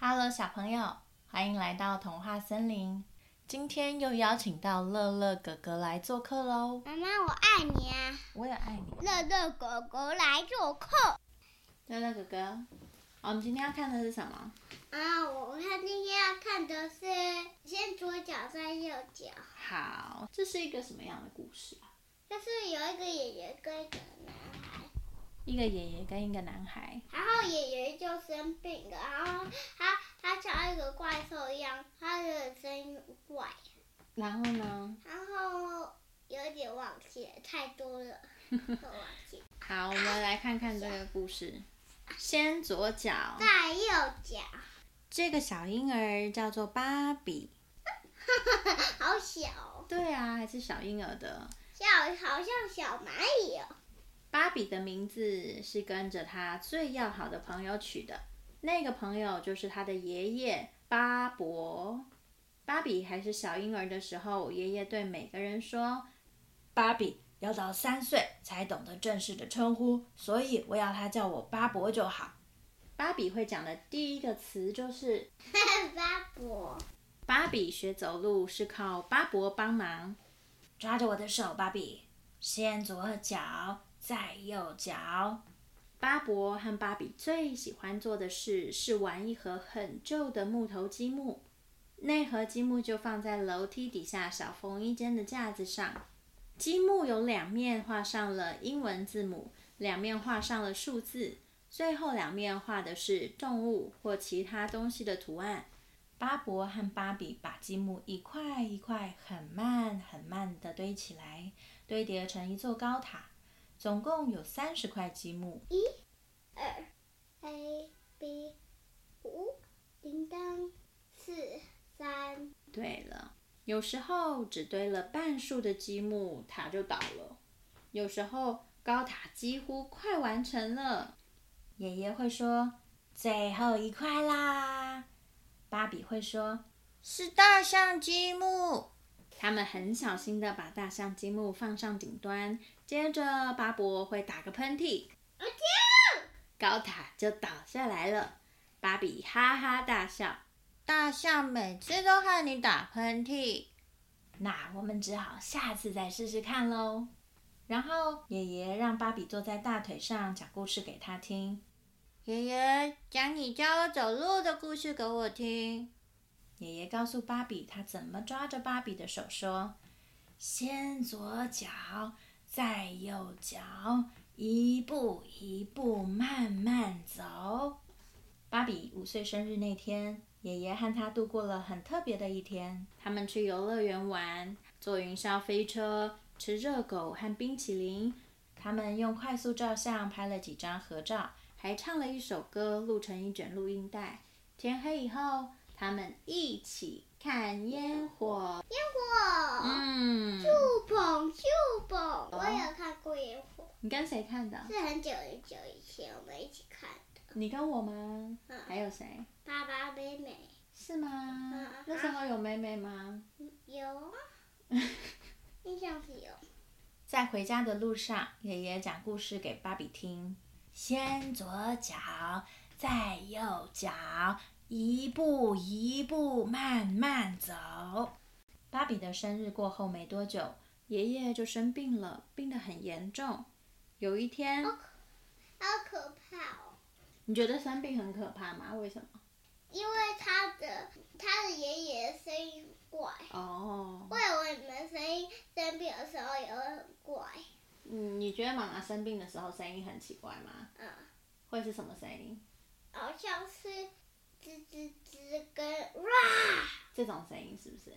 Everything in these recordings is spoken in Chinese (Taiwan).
Hello，小朋友，歡迎來到童話森林。今天又邀請到樂樂哥哥來做客嘍！媽媽，我愛你啊。我也愛你。樂樂哥哥來做客。樂樂哥哥，我們今天要看的是什麼？啊，我看今天要看的是先左腳再右腳。好，這是一個什麼樣的故事啊？就是有一個爺爺哥哥。一個爺爺跟一個男孩，然後爺爺就生病了，然後他他像一個怪獸一樣，他的聲音怪。然後呢？然後有點忘記太多了，忘記 好，我們來看看這個故事。啊。先左腳，再右腳。這個小嬰兒叫做芭比。哈哈，好小。對啊，還是小嬰兒的。像好像小螞蟻哦。芭比的名字是跟着他最要好的朋友取的，那個朋友就是他的爺爺巴博，芭比還是小嬰兒的時候，爺爺對每個人說：“芭比要到三歲才懂得正式的稱呼，所以我要他叫我巴博就好。”芭比會講的第一個詞就是“ 巴博”。芭比學走路是靠巴博幫忙，抓着我的手，芭比先左腳，再右腳，巴博和芭比最喜歡做的事是玩一盒很舊的木頭積木。那盒積木就放在樓梯底下小縫衣間的架子上。積木有兩面畫上了英文字母，兩面畫上了數字，最後兩面畫的是動物或其他東西的圖案。巴博和芭比把積木一塊一塊，很慢很慢地堆起來，堆疊成一座高塔。總共有三十塊積木。一、二、A、B、五鈴鐺、四、三。對了，有時候只堆了半數的積木塔就倒了，有時候高塔幾乎快完成了。爺爺會說：“最後一塊啦！”芭比會說：“是大象積木。”他們很小心地把大象積木放上頂端，接着巴博會打個噴嚏我跳，高塔就倒下來了。芭比哈哈大笑，大象每次都和你打噴嚏，那我們只好下次再試試看嘍。然後爺爺讓芭比坐在大腿上講故事給他聽。爺爺，講你教我走路的故事給我聽。爺爺告訴芭比，他怎麼抓着芭比的手說：“先左腳，再右腳，一步一步慢慢走。”芭比五歲生日那天，爺爺和他度過了很特別的一天。他們去遊樂園玩，坐雲霄飛車，吃熱狗和冰淇淋。他們用快速照相拍了幾張合照，還唱了一首歌，錄成一卷錄音帶。天黑以後。他們一起看煙火，煙火，嗯，就蹦就蹦。我也看過煙火。你跟誰看的？是很久很久以前，我們一起看的。你跟我嗎？嗯、還有誰？爸爸、妹妹。是嗎、啊？那時候有妹妹嗎？有、啊， 印象是有。在回家的路上，爺爺講故事給芭比聽。先左腳，再右腳。一步一步慢慢走。芭比的生日過後沒多久，爺爺就生病了，病得很嚴重。有一天，哦，好可怕哦！你覺得生病很可怕嗎？為什麼？因為他的他的爺爺的聲音怪哦，怪我們聲音生病的時候也會很怪。嗯，你覺得媽媽生病的時候聲音很奇怪嗎？嗯。會是什麼聲音？好像是。這種聲音是不是？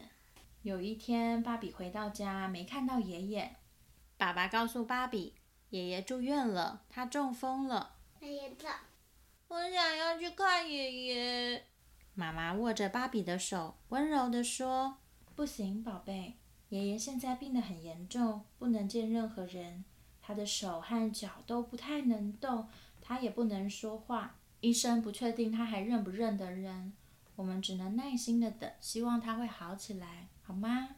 有一天，芭比回到家，沒看到爺爺。爸爸告訴芭比，爺爺住院了，他中風了。爺爺，我想要去看爺爺。媽媽握着芭比的手，溫柔地說：“不行，寶貝，爺爺現在病得很嚴重，不能見任何人。他的手和腳都不太能動，他也不能說話。醫生不確定他還認不認得人。”我們只能耐心的等，希望他會好起來，好嗎？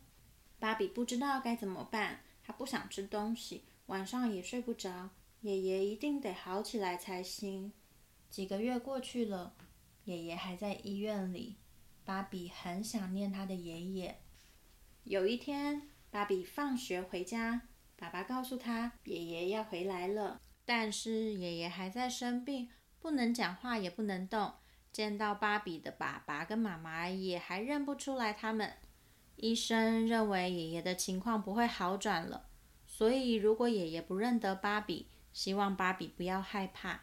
芭比不知道該怎麼辦，他不想吃東西，晚上也睡不着。爺爺一定得好起來才行。幾個月過去了，爺爺還在醫院裡，芭比很想念他的爺爺。有一天，芭比放學回家，爸爸告訴他，爺爺要回來了，但是爺爺還在生病，不能講話，也不能動。見到芭比的爸爸跟媽媽也還認不出來他們。醫生認為爺爺的情況不會好轉了，所以如果爺爺不認得芭比，希望芭比不要害怕。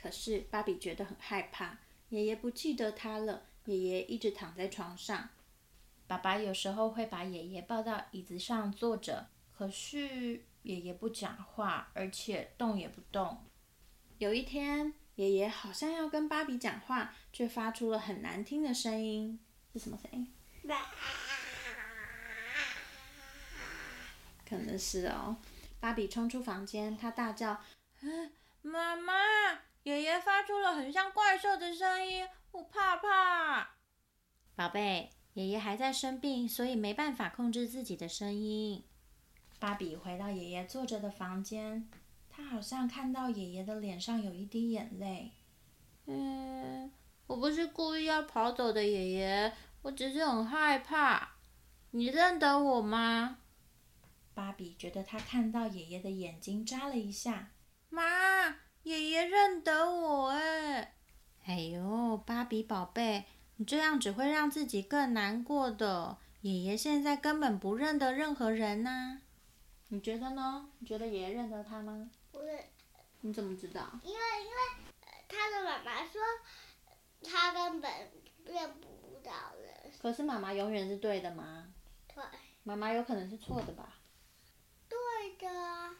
可是芭比覺得很害怕，爺爺不記得他了。爺爺一直躺在床上，爸爸有時候會把爺爺抱到椅子上坐着，可是爺爺不講話，而且動也不動。有一天，爺爺好像要跟芭比講話，卻發出了很難聽的聲音。是什麼聲音？ 可能是哦。芭比衝出房間，她大叫：“媽媽，爺爺發出了很像怪獸的聲音，我怕怕！”寶貝，爺爺還在生病，所以沒辦法控制自己的聲音。芭比回到爺爺坐着的房間。他好像看到爺爺的臉上有一滴眼淚。嗯，我不是故意要跑走的，爺爺，我只是很害怕。你認得我嗎？芭比覺得他看到爺爺的眼睛眨了一下。媽，爺爺認得我哎！哎呦，芭比寶貝，你這樣只會讓自己更難過的。爺爺現在根本不認得任何人吶。你覺得呢？你覺得爺爺認得他嗎？你怎麼知道？因為因為他的媽媽說，他根本認不到人。可是媽媽永遠是對的嗎？對。媽媽有可能是錯的吧？對的。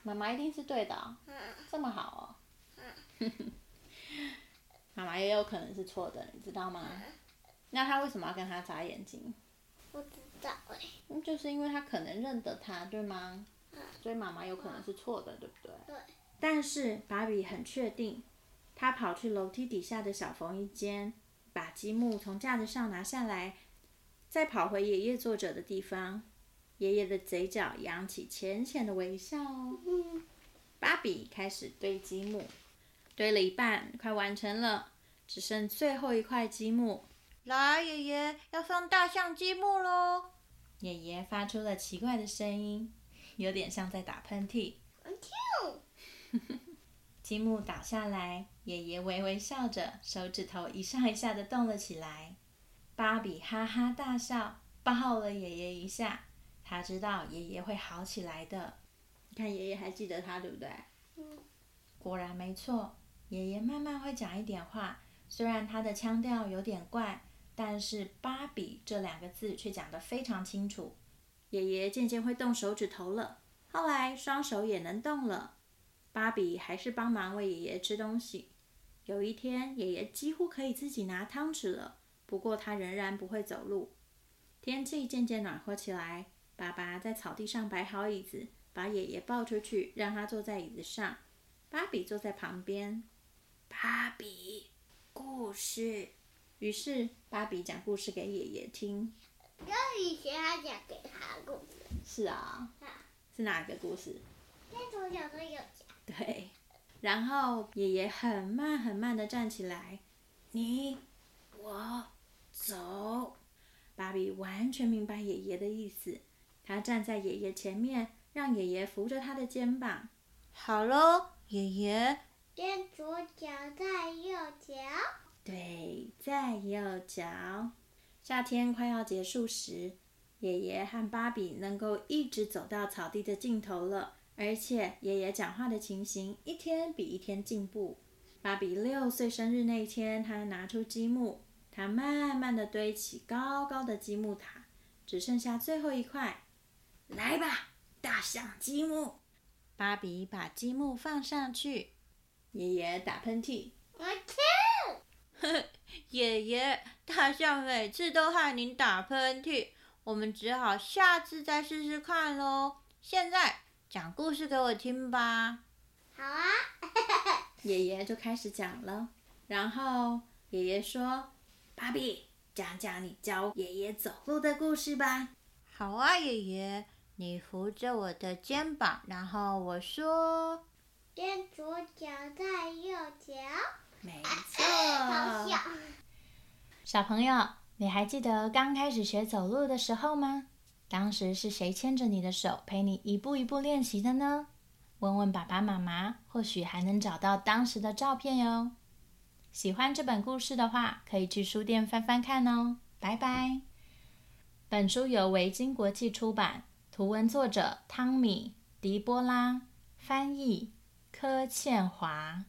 媽媽一定是對的、哦嗯，這麼好哦。嗯、 媽媽也有可能是錯的，你知道嗎、嗯？那他為什麼要跟他眨眼睛？不知道哎、欸。那就是因為他可能認得他，對嗎？嗯、所以媽媽有可能是錯的，嗯、對不對？對。但是芭比很確定，他跑去樓梯底下的小縫衣間，把積木從架子上拿下來，再跑回爺爺坐着的地方。爺爺的嘴角揚起淺淺的微笑、哦。嗯、芭比開始堆積木，堆了一半，快完成了，只剩最後一塊積木。來，爺爺要放大象積木嘍！爺爺發出了奇怪的聲音，有點像在打噴嚏。嗯 積木倒下來，爺爺微微笑着，手指頭一上一下的動了起來。芭比哈哈大笑，抱了爺爺一下。他知道爺爺會好起來的。你看，爺爺還記得他，對不對？嗯。果然沒錯，爺爺慢慢會講一點話，雖然他的腔調有點怪，但是“芭比”這兩個字卻講得非常清楚。爺爺漸漸會動手指頭了，後來雙手也能動了。芭比還是幫忙餵爺爺吃東西。有一天，爺爺幾乎可以自己拿湯吃了，不過他仍然不會走路。天氣漸漸暖和起來，爸爸在草地上擺好椅子，把爺爺抱出去，讓他坐在椅子上。芭比坐在旁邊。芭比故事。於是芭比講故事給爺爺聽。要以前他講給他故事。是、哦、啊。是哪個故事？天主《三隻小豬》有。對，然後爺爺很慢很慢地站起來，你，我，走。芭比完全明白爺爺的意思，他站在爺爺前面，讓爺爺扶着他的肩膀。好嘍，爺爺，先左腳再右腳。對，再右腳。夏天快要結束時，爺爺和芭比能夠一直走到草地的盡頭了。而且爺爺講話的情形一天比一天進步。芭比六歲生日那一天，他拿出積木，他慢慢地堆起高高的積木塔，只剩下最後一塊。來吧，大象積木！芭比把積木放上去，爺爺打噴嚏。我跳。 爺爺，大象每次都害您打噴嚏，我們只好下次再試試看咯。現在。講故事給我聽吧！好啊， 爺爺就開始講了。然後爺爺說：“芭比，講講你教爺爺走路的故事吧。”好啊，爺爺，你扶着我的肩膀，然後我說：“先左腳再右腳。”沒錯。 好笑，小朋友，你還記得剛開始學走路的時候嗎？當時是誰牽着你的手，陪你一步一步練習的呢？問問爸爸媽媽，或許還能找到當時的照片喲。喜歡這本故事的話，可以去書店翻翻看哦。拜拜。本書由維京國際出版，圖文作者湯米·狄波拉，翻譯柯倩華。